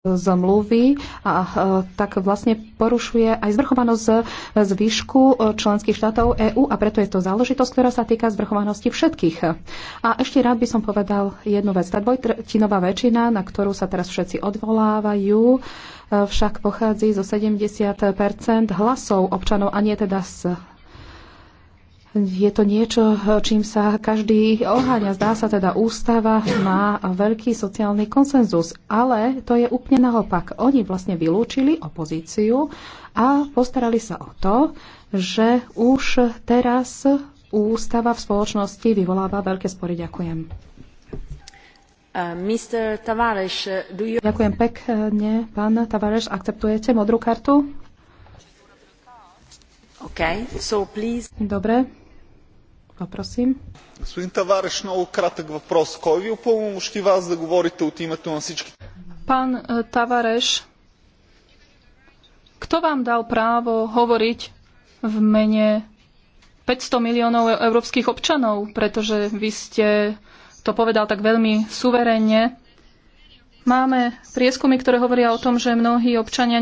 zmluvy a e, tak vlastne porušuje aj zvrchovanosť zvyšku e, členských štátov EÚ a preto je to záležitosť, ktorá sa týka zvrchovanosti všetkých. A ešte rád by som povedal jednu vec. Tá dvojtinová väčšina, na ktorú sa teraz všetci odvolávajú, e, však pochádza zo 70 hlasov občanov a nie teda z je to niečo, čím sa každý oháňa. Zdá sa teda, ústava má veľký sociálny konsenzus, ale to je úplne naopak. Oni vlastne vylúčili opozíciu a postarali sa o to, že už teraz ústava v spoločnosti vyvoláva veľké spory. Ďakujem. Uh, Tavares, uh, you... Ďakujem pekne, pán Tavares. Akceptujete modrú kartu? Okay, so please. Dobre, Попросим. Господин много кратък въпрос. Кой ви упълномощи вас да говорите от името на всички? Пан kto vám dal právo hovoriť v mene 500 miliónov európskych občanov, pretože vy ste to povedal tak veľmi suverénne. Máme prieskumy, ktoré hovoria o tom, že mnohí občania